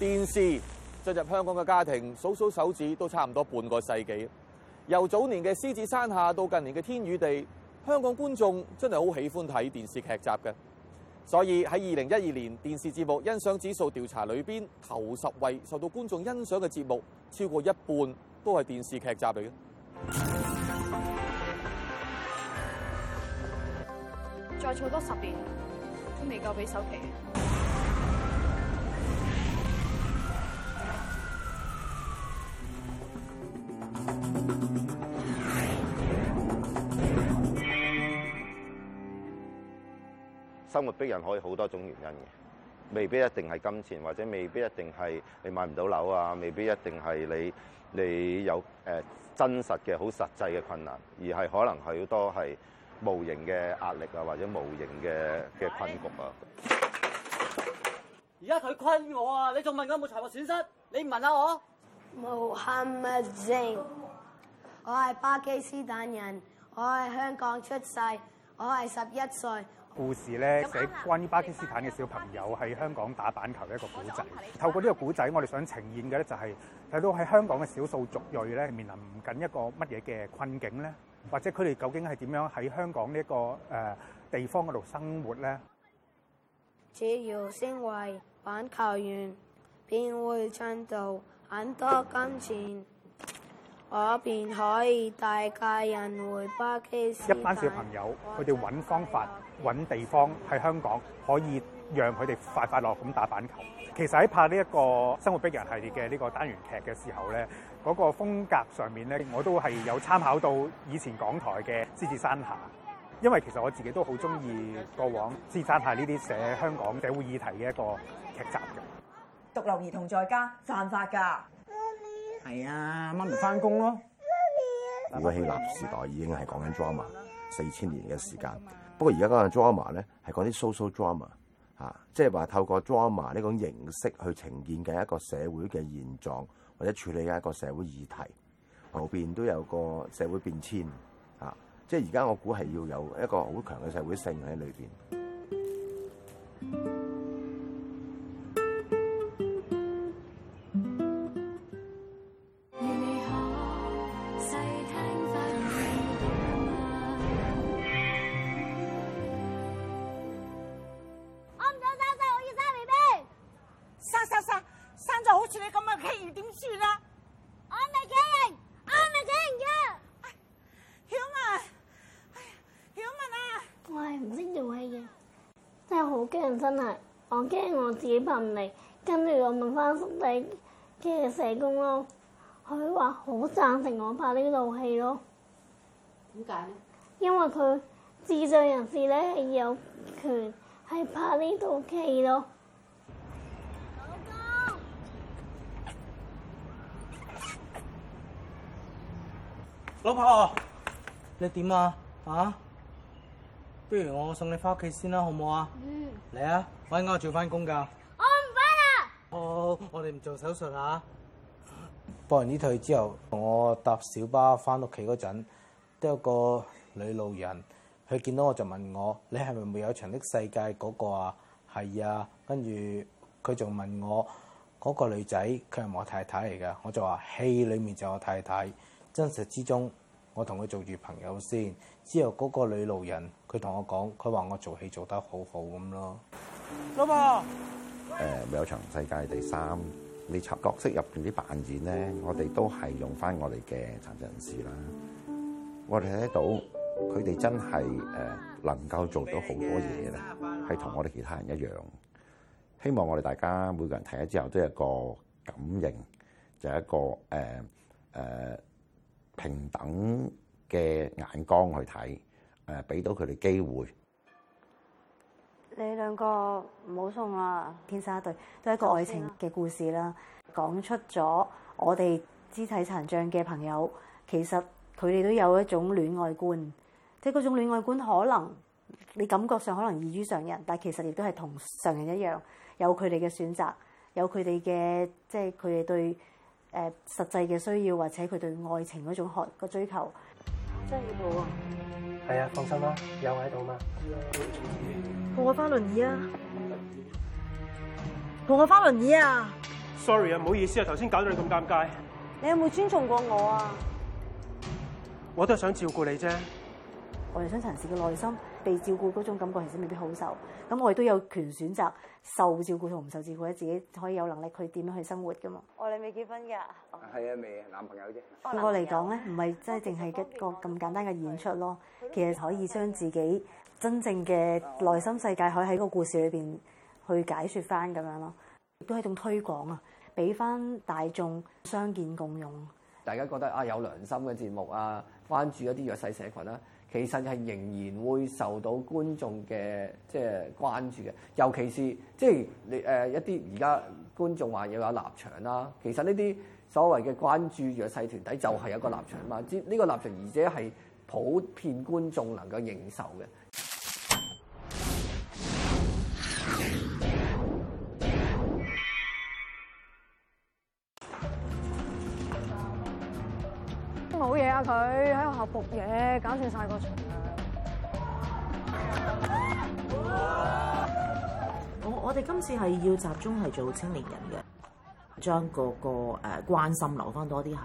電視進入香港嘅家庭，數數手指都差唔多半個世紀。由早年嘅獅子山下，到近年嘅天與地。香港觀眾真係好喜歡睇電視劇集嘅，所以喺二零一二年電視節目欣賞指數調查裏邊，頭十位受到觀眾欣賞嘅節目，超過一半都係電視劇集嚟嘅。再做多十年都未夠俾首期。目逼人可以好多種原因嘅，未必一定係金錢，或者未必一定係你買唔到樓啊，未必一定係你你有誒真實嘅好實際嘅困難，而係可能係好多係無形嘅壓力啊，或者無形嘅嘅困局啊。而家佢困我啊！你仲問佢有冇財務損失？你唔問下我。無限物證，我係巴基斯坦人，我係香港出世，我係十一歲。故事咧寫關於巴基斯坦嘅小朋友喺香港打板球嘅一個故仔，透過呢個故仔，我哋想呈現嘅咧就係睇到喺香港嘅少數族裔咧，面臨緊一個乜嘢嘅困境咧，或者佢哋究竟係點樣喺香港呢一個誒地方嗰度生活咧？只要升為板球員，便會創造很多金錢。我便可以帶家人回巴基斯坦。一班小朋友，佢哋揾方法、揾地方喺香港，可以讓佢哋快快樂咁打板球。其實喺拍呢一個生活逼人系列嘅呢個單元劇嘅時候咧，嗰個風格上面咧，我都係有參考到以前港台嘅《獅子山下》，因為其實我自己都好中意過往《獅子山下》呢啲寫香港社會議題嘅一個劇集嘅。獨留兒童在家，犯法噶。係啊，媽咪翻工咯。如果希臘時代已經係講緊 drama，四千年嘅時間。不過而家講緊 drama 咧，係講啲 social drama 嚇、啊，即係話透過 drama 呢種形式去呈現嘅一個社會嘅現狀，或者處理嘅一個社會議題。後邊都有個社會變遷嚇，即係而家我估係要有一個好強嘅社會性喺裏邊。好贊成我拍呢套戲咯，點解咧？因為佢智障人士咧係有權係拍呢套戲咯。老公，老婆，你點啊？啊？不如我送你翻屋企先啦，好唔好啊？嗯。嚟啊，我依家要翻工噶。我唔翻啦。好，好，好，我哋唔做手術啦。播完呢套之後，我搭小巴翻屋企嗰陣，都有個女路人，佢見到我就問我：你係咪《沒有牆的世界》嗰個啊？係啊，跟住佢仲問我嗰個女仔，佢係我太太嚟嘅。」我就話戲裏面就我太太，真實之中我同佢做住朋友先。之後嗰個女路人佢同我講，佢話我做戲做得好好咁咯。老婆。誒，沒有牆世界第三。你插角色入邊啲扮演咧，我哋都係用翻我哋嘅殘疾人士啦。我哋睇到佢哋真係誒能夠做到好多嘢咧，係同我哋其他人一樣。希望我哋大家每個人睇咗之後都有一個感應，就係、是、一個誒誒呃呃平等嘅眼光去睇，誒俾到佢哋機會。你兩個唔好送啦！《天生一對》都係一個愛情嘅故事啦，講出咗我哋肢體殘障嘅朋友，其實佢哋都有一種戀愛觀，即係嗰種戀愛觀可能你感覺上可能異於常人，但係其實亦都係同常人一樣，有佢哋嘅選擇，有佢哋嘅即係佢哋對誒、呃、實際嘅需要，或者佢對愛情嗰種渴追求。真係要好啊！係啊，放心啦，有喺度嘛。Yeah. 同我翻輪椅啊！同我翻輪椅啊！Sorry 啊，唔好意思啊，頭先搞到你咁尷尬。你有冇尊重過我啊？我都係想照顧你啫。我哋想嘗試嘅內心被照顧嗰種感覺，其實未必好受。咁我亦都有權選擇受照顧同唔受照顧，自己可以有能力去點樣去生活噶嘛？我哋未結婚㗎。係啊，未男朋友啫。對我嚟講咧，唔係即係淨係一個咁簡單嘅演出咯。其實可以將自己，真正嘅內心世界，可以喺個故事裏邊去解說翻咁樣咯，亦都係一種推廣啊，俾翻大眾相見共用。大家覺得啊，有良心嘅節目啊，關注一啲弱勢社群啦，其實係仍然會受到觀眾嘅即係關注嘅。尤其是即係你誒一啲而家觀眾話要有立場啦，其實呢啲所謂嘅關注弱勢團體就係有個立場嘛，之呢個立場，這個、立場而且係普遍觀眾能夠認受嘅。佢喺學校撲嘢，搞掂晒個場啊！我我哋今次係要集中係做青年人嘅，將個個誒、呃、關心留翻多啲喺誒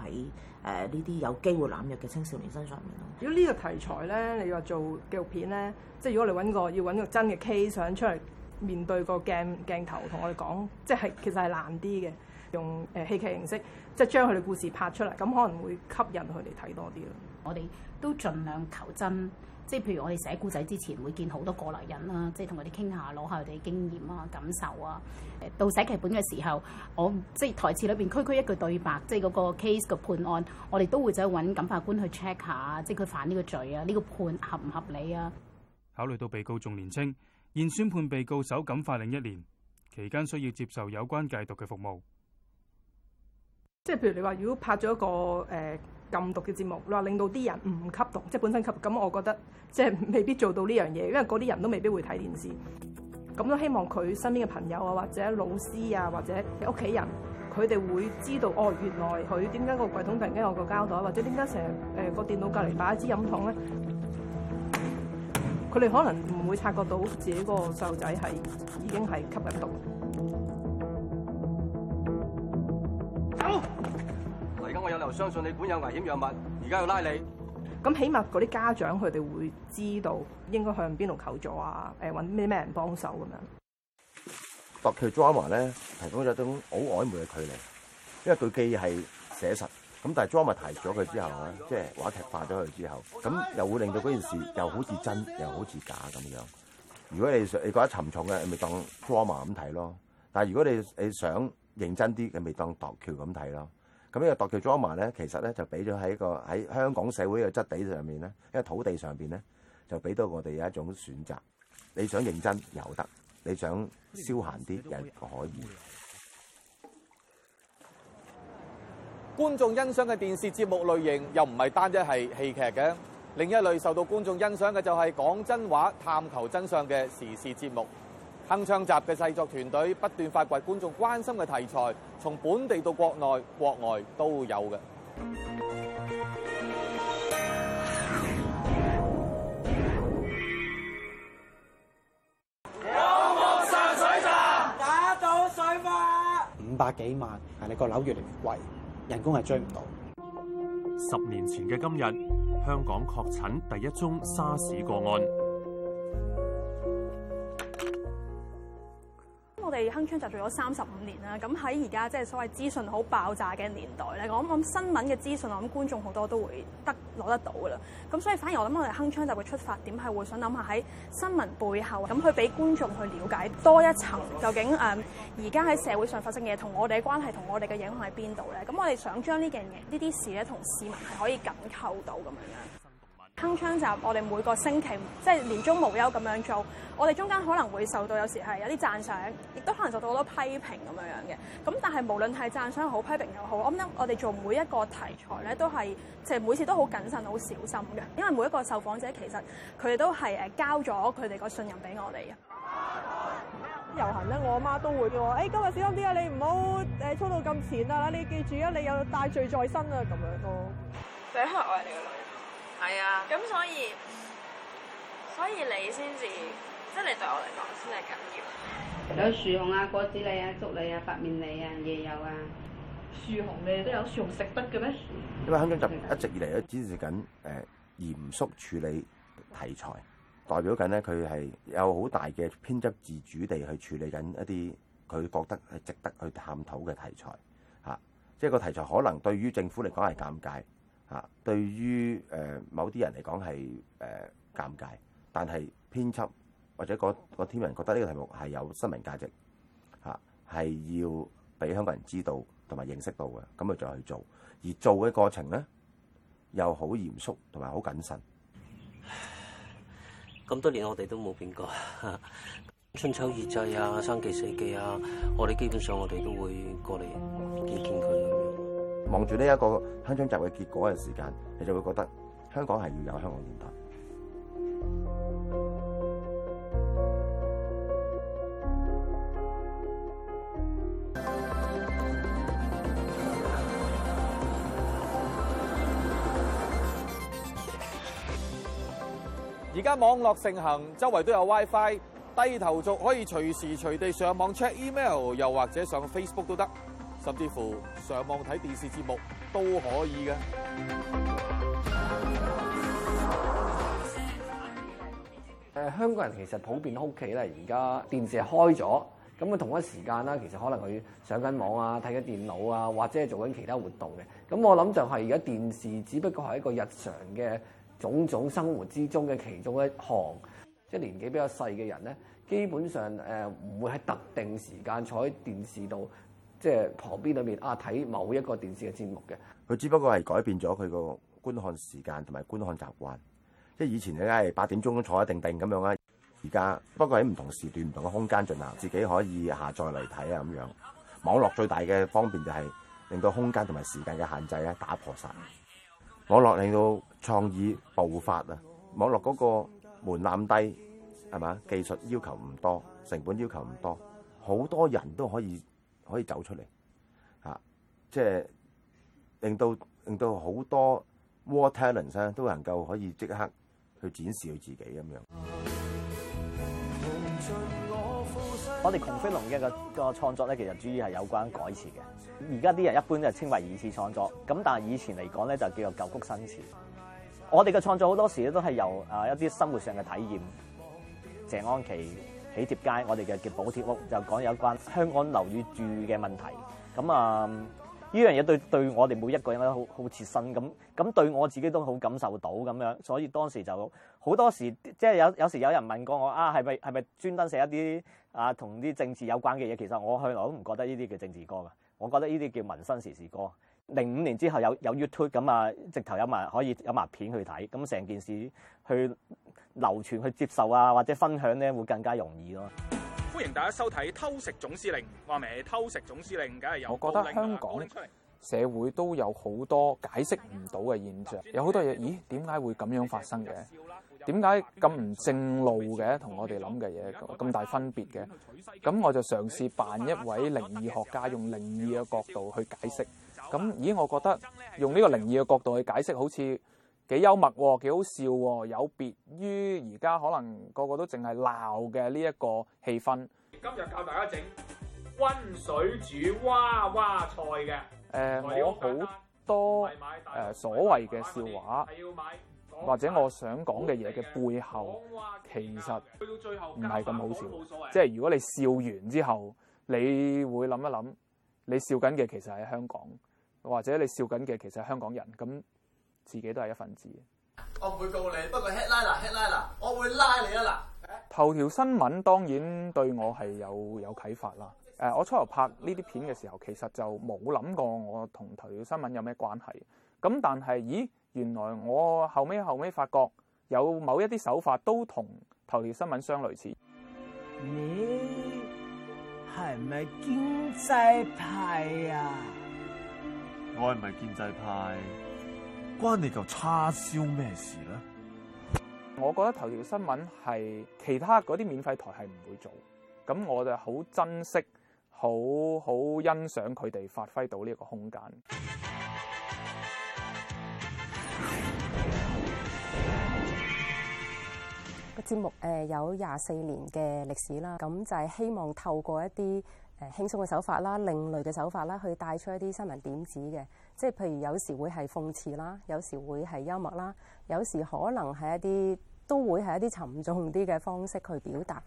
呢啲有機會濫藥嘅青少年身上面。如果呢個題材咧，你話做紀錄片咧，即係如果你揾個要揾個真嘅 case 想出嚟面對個鏡鏡頭，同我哋講，即係其實係難啲嘅。用誒戲劇形式，即係將佢哋故事拍出嚟，咁可能會吸引佢哋睇多啲咯。我哋都盡量求真，即係譬如我哋寫故仔之前會見好多過來人啦，即係同佢哋傾下，攞下佢哋經驗啊、感受啊。到寫劇本嘅時候，我即係台詞裏邊區區一句對白，即係嗰個 case 個判案，我哋都會走去揾法官去 check 下，即係佢犯呢個罪啊，呢個判合唔合理啊？考慮到被告仲年青，現宣判被告受感化令一年，期間需要接受有關戒毒嘅服務。即係譬如你話，如果拍咗一個誒、呃、禁毒嘅節目，你話令到啲人唔吸毒，即係本身吸毒，咁我覺得即係未必做到呢樣嘢，因為嗰啲人都未必會睇電視。咁都希望佢身邊嘅朋友啊，或者老師啊，或者屋企人，佢哋會知道哦，原來佢點解個櫃桶突然間有個膠袋，或者點解成日誒個電腦隔籬擺一支飲筒咧？佢哋可能唔會察覺到自己個細路仔係已經係吸入毒。嚟緊，我有理由相信你管有危險藥物，而家要拉你。咁起碼嗰啲家長佢哋會知道應該向邊度求助啊？誒，搵咩咩人幫手咁樣。話劇《Drama》咧提供咗一種好曖昧嘅距離，因為佢既係寫實咁，但係《Drama》提咗佢之後咧，即係話劇化咗佢之後，咁又會令到嗰件事又好似真又好似假咁樣。如果你你覺得沉重嘅，你咪當《Drama》咁睇咯。但係如果你你想，認真啲嘅咪當墮橋咁睇咯，咁呢個墮橋 drama 呢，其實咧就俾咗喺個喺香港社會嘅質地上面咧，喺個土地上邊咧，就俾到我哋有一種選擇。你想認真有得，你想消閒啲又可以。觀眾欣賞嘅電視節目類型又唔係單一係戲劇嘅，另一類受到觀眾欣賞嘅就係講真話、探求真相嘅時事節目。鏗鏘集嘅製作團隊不斷發掘觀眾關心嘅題材，從本地到國內、國外都有嘅。我望上水站打到水花，五百幾萬，係你個樓越嚟越貴，人工係追唔到。十年前嘅今日，香港確診第一宗沙士個案。被鏗鏘集做咗三十五年啦，咁喺而家即係所謂資訊好爆炸嘅年代咧，我諗新聞嘅資訊我諗觀眾好多都會得攞得到噶啦。咁所以反而我諗我哋鏗鏘集嘅出發點係會想諗下喺新聞背後咁去俾觀眾去了解多一層，究竟誒而家喺社會上發生嘅嘢，同我哋嘅關係同我哋嘅影響喺邊度咧？咁我哋想將呢件嘢、呢啲事咧，同市民係可以緊扣到咁樣樣。鏗鏘集，我哋每個星期即係年終無休咁樣做，我哋中間可能會受到有時係有啲讚賞，亦都可能受到好多批評咁樣樣嘅。咁但係無論係讚賞好批評又好，我諗我哋做每一個題材咧，都係即係每次都好謹慎、好小心嘅，因為每一個受訪者其實佢哋都係誒交咗佢哋個信任俾我哋嘅。遊行咧，我阿媽都會嘅，誒今日小心啲啊，你唔好誒衝到咁前啊，你記住啊，你有帶罪在身啊，咁樣咯。想吓我呢係啊，咁所以所以你先至，即係你對我嚟講先係緊要。有樹紅啊，果子狸啊，竹李啊，白面李啊，椰油啊，樹紅你都有樹紅食得嘅咩？因為香港集一直以嚟都堅持緊誒嚴肅處理題材，代表緊咧佢係有好大嘅編輯自主地去處理緊一啲佢覺得係值得去探討嘅題材，吓，即係個題材可能對於政府嚟講係尷尬。啊，對於誒某啲人嚟講係誒尷尬，但係編輯或者個個天文覺得呢個題目係有新聞價值，嚇係要俾香港人知道同埋認識到嘅，咁佢就再去做，而做嘅過程咧又好嚴肅同埋好謹慎。咁多年我哋都冇變過，春秋二季啊、三季四季啊，我哋基本上我哋都會過嚟見見佢。望住呢一個鄉村集會結果嘅時間，你就會覺得香港係要有香港年代。而家網絡盛行，周圍都有 WiFi，低頭族可以隨時隨地上網 check email，又或者上 Facebook 都得。甚至乎上網睇電視節目都可以嘅。誒，香港人其實普遍屋企咧，而家電視係開咗，咁啊同一時間啦，其實可能佢上緊網啊，睇緊電腦啊，或者係做緊其他活動嘅。咁我諗就係而家電視只不過係一個日常嘅種種生活之中嘅其中一項。即係年紀比較細嘅人咧，基本上誒唔會喺特定時間坐喺電視度。即係旁邊裏面啊，睇某一個電視嘅節目嘅。佢只不過係改變咗佢個觀看時間同埋觀看習慣，即係以前梗係八點鐘坐一定定咁樣啦。而家不過喺唔同時段唔同嘅空間進行，自己可以下載嚟睇啊咁樣。網絡最大嘅方便就係令到空間同埋時間嘅限制咧打破晒。網絡令到創意爆發啊！網絡嗰個門檻低係咪？技術要求唔多，成本要求唔多，好多人都可以。可以走出嚟，嚇、就是！即係令到令到好多 waterliners 都能夠可以即刻去展示佢自己咁樣。我哋窮飛龍嘅個個創作咧，其實主要係有關改詞嘅。而家啲人一般就稱為二次創作，咁但係以前嚟講咧，就叫做舊曲新詞。我哋嘅創作好多時都係由啊一啲生活上嘅體驗。謝安琪。幾貼街，我哋嘅叫補貼屋就講有關香港樓宇住嘅問題。咁啊，呢樣嘢對對我哋每一個人都好好切身咁，咁對我自己都好感受到咁樣。所以當時就好多時，即係有有時有人問過我啊，係咪係咪專登寫一啲啊同啲政治有關嘅嘢？其實我向來都唔覺得呢啲叫政治歌噶，我覺得呢啲叫民生時事歌。零五年之後有有 YouTube 咁啊，直頭有埋可以有埋片去睇，咁成件事去，流傳去接受啊，或者分享咧，會更加容易咯。歡迎大家收睇《偷食總司令》。話咩？偷食總司令梗係有。我覺得香港社會都有好多解釋唔到嘅現象，有好多嘢，咦？點解會咁樣發生嘅？點解咁唔正路嘅？同我哋諗嘅嘢咁大分別嘅？咁我就嘗試扮一位靈異學家，用靈異嘅角度去解釋。咁，咦？我覺得用呢個靈異嘅角度去解釋，好似～幾幽默喎，幾好笑喎，有別於而家可能個個都淨係鬧嘅呢一個氣氛。今日教大家整溫水煮娃娃菜嘅。誒、呃，我好多誒所謂嘅笑話，或者我想講嘅嘢嘅背後，其實去到最後唔係咁好笑。即係如果你笑完之後，你會諗一諗，你笑緊嘅其實係香港，或者你笑緊嘅其實係香港人咁。自己都係一份子。我唔會告你，不過 headline 啦，headline 啦，我會拉你啊嗱。頭條新聞當然對我係有有啟發啦。誒、呃，我初頭拍呢啲片嘅時候，其實就冇諗過我同頭條新聞有咩關係。咁但係，咦，原來我後尾後尾發覺有某一啲手法都同頭條新聞相類似。你係咪經濟派啊？我係咪建制派？關你個叉燒咩事咧？我覺得頭條新聞係其他嗰啲免費台係唔會做，咁我就好珍惜，好好欣賞佢哋發揮到呢一個空間。個節目誒有廿四年嘅歷史啦，咁就係希望透過一啲誒輕鬆嘅手法啦，另類嘅手法啦，去帶出一啲新聞點子嘅。即係譬如，有時會係諷刺啦，有時會係幽默啦，有時可能係一啲都會係一啲沉重啲嘅方式去表達。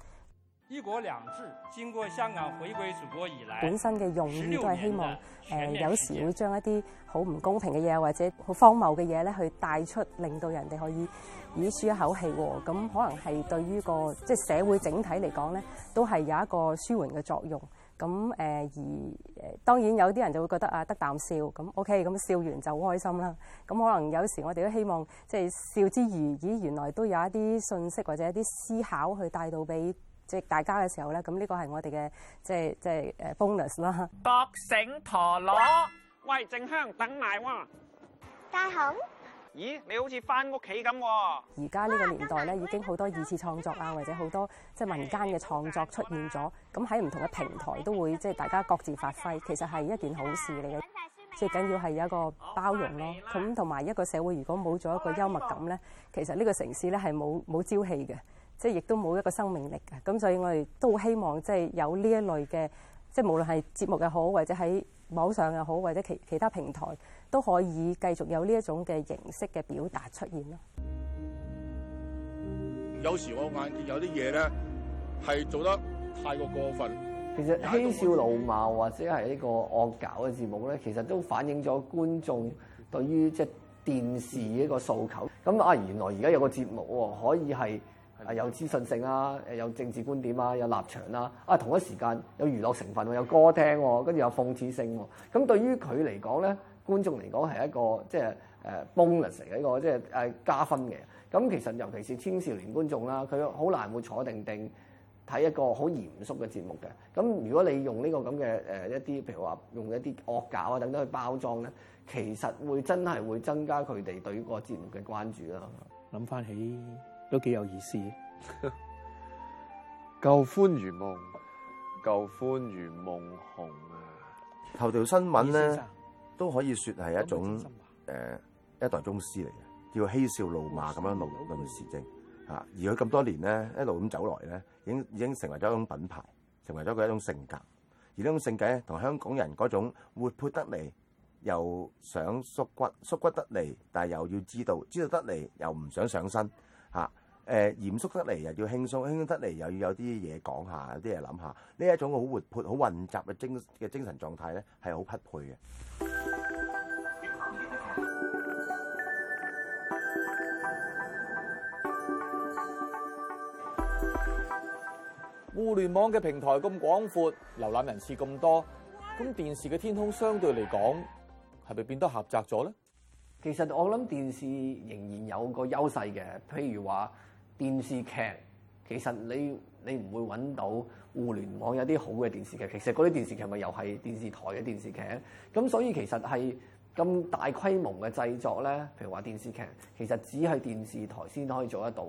一國兩制經過香港回歸祖國以來，本身嘅用意都係希望誒、呃，有時會將一啲好唔公平嘅嘢或者好荒謬嘅嘢咧，去帶出，令到人哋可以而舒一口氣、哦。咁、嗯、可能係對於個即係社會整體嚟講咧，都係有一個舒緩嘅作用。咁誒，而誒，當然有啲人就會覺得啊，得啖笑咁，OK，咁笑完就好開心啦。咁可能有時我哋都希望即係、就是、笑之餘，咦，原來都有一啲信息或者一啲思考去帶到俾即係大家嘅時候咧。咁呢個係我哋嘅即係即係誒 bonus 啦。國醒陀螺，喂，靜香等埋喎。大雄。咦，你好似翻屋企咁喎！而家呢個年代咧，已經好多二次創作啊，或者好多即係民間嘅創作出現咗，咁喺唔同嘅平台都會即係大家各自發揮，其實係一件好事嚟嘅。最緊要係有一個包容咯，咁同埋一個社會如果冇咗一個幽默感咧，其實呢個城市咧係冇冇朝氣嘅，即係亦都冇一個生命力嘅。咁所以我哋都希望即係有呢一類嘅。即係無論係節目又好，或者喺網上又好，或者其其他平台都可以繼續有呢一種嘅形式嘅表達出現咯。有時我眼見有啲嘢咧係做得太過過分，其實嬉笑怒罵或者係呢個惡搞嘅節目咧，其實都反映咗觀眾對於即係電視呢個訴求。咁啊，原來而家有個節目可以係。啊！有資訊性啊，誒有政治觀點啊，有立場啦、啊，啊同一時間有娛樂成分、啊、有歌聽喎、啊，跟住有諷刺性喎、啊。咁對於佢嚟講咧，觀眾嚟講係一個即係誒 bonus 嘅一個即係誒加分嘅。咁其實尤其是青少年觀眾啦、啊，佢好難會坐定定睇一個好嚴肅嘅節目嘅。咁如果你用呢個咁嘅誒一啲，譬如話用一啲惡搞啊等等去包裝咧，其實會真係會增加佢哋對於個節目嘅關注啦。諗翻起。都幾有意思。 舊歡如夢，舊歡如夢紅啊！頭條新聞咧，都可以説係一種誒、呃、一代宗師嚟嘅，叫嬉笑怒罵咁樣論論時政嚇、啊。而佢咁多年咧，一路咁走來咧，已經已經成為咗一種品牌，成為咗佢一種性格。而呢種性格咧，同香港人嗰種活潑得嚟，又想縮骨縮骨得嚟，但係又要知道知道得嚟，又唔想上身嚇。啊誒嚴肅得嚟又要輕鬆，輕鬆得嚟又要有啲嘢講下，有啲嘢諗下。呢一種好活潑、好混雜嘅精嘅精神狀態咧，係好匹配嘅。互聯網嘅平台咁廣闊，瀏覽人次咁多，咁電視嘅天空相對嚟講係咪變得狹窄咗咧？其實我諗電視仍然有個優勢嘅，譬如話，電視劇其實，你你唔會揾到互聯網有啲好嘅電視劇，其實嗰啲電視劇咪又係電視台嘅電視劇，咁所以其實係咁大規模嘅製作咧，譬如話電視劇，其實只係電視台先可以做得到。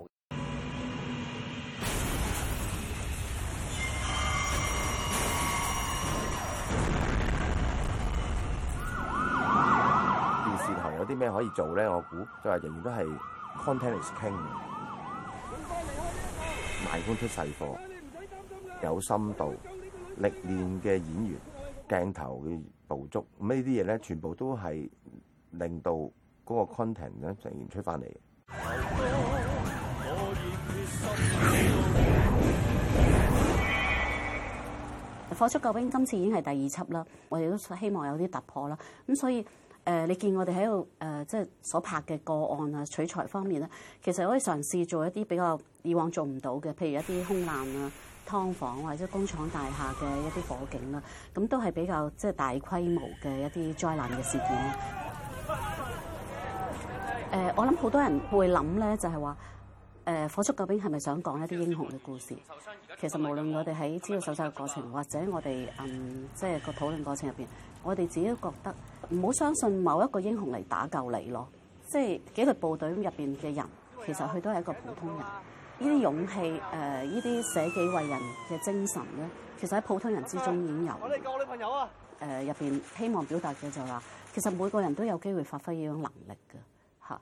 電視台有啲咩可以做咧？我估就係仍然都係 content is king。慢工出細貨，有深度、歷練嘅演員、鏡頭嘅捕捉，這些東西呢啲嘢咧，全部都係令到嗰個 content 咧呈現出翻嚟嘅。火速救兵今次已經係第二輯啦，我哋都希望有啲突破啦，咁所以。誒，你見我哋喺度誒，即、呃、係所拍嘅個案啊、取材方面咧，其實可以嘗試做一啲比較以往做唔到嘅，譬如一啲空難啊、劏房或者工廠大廈嘅一啲火警啦，咁都係比較即係大規模嘅一啲災難嘅事件。誒、呃，我諗好多人會諗咧，就係話。誒火速救兵係咪想講一啲英雄嘅故事？其實無論我哋喺知道手術嘅過程，或者我哋嗯，即係個討論過程入邊，我哋自己都覺得唔好相信某一個英雄嚟打救你咯。即係紀律部隊入邊嘅人，其實佢都係一個普通人。呢啲勇氣，誒呢啲捨己為人嘅精神咧，其實喺普通人之中已經有。我哋救女朋友啊！誒入邊希望表達嘅就話，其實每個人都有機會發揮呢種能力嘅嚇。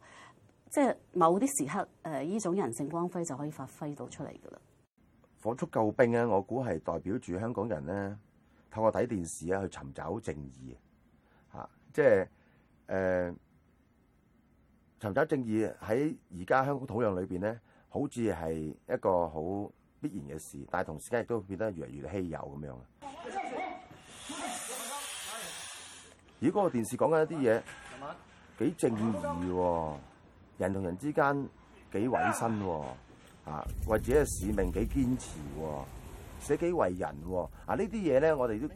即係某啲時刻，誒呢種人性光輝就可以發揮到出嚟㗎啦。火速救兵啊！我估係代表住香港人咧，透過睇電視啊去尋找正義啊！即係誒、呃、尋找正義喺而家香港土壤裏邊咧，好似係一個好必然嘅事，但係同時間亦都變得越嚟越稀有咁樣。如果、個電視講緊一啲嘢幾正義喎、啊？人同人之間幾委身啊，為自己嘅使命幾堅持，啊，捨己為人，啊呢啲嘢咧，我哋都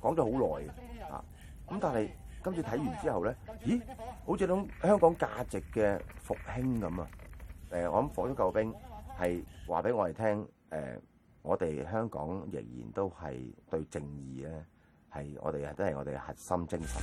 講咗好耐啊，咁但係今次睇完之後咧，咦，好似種香港價值嘅復興咁啊！誒，我諗火速救兵係話俾我哋聽，誒，我哋香港仍然都係對正義咧，係我哋都係我哋核心精神。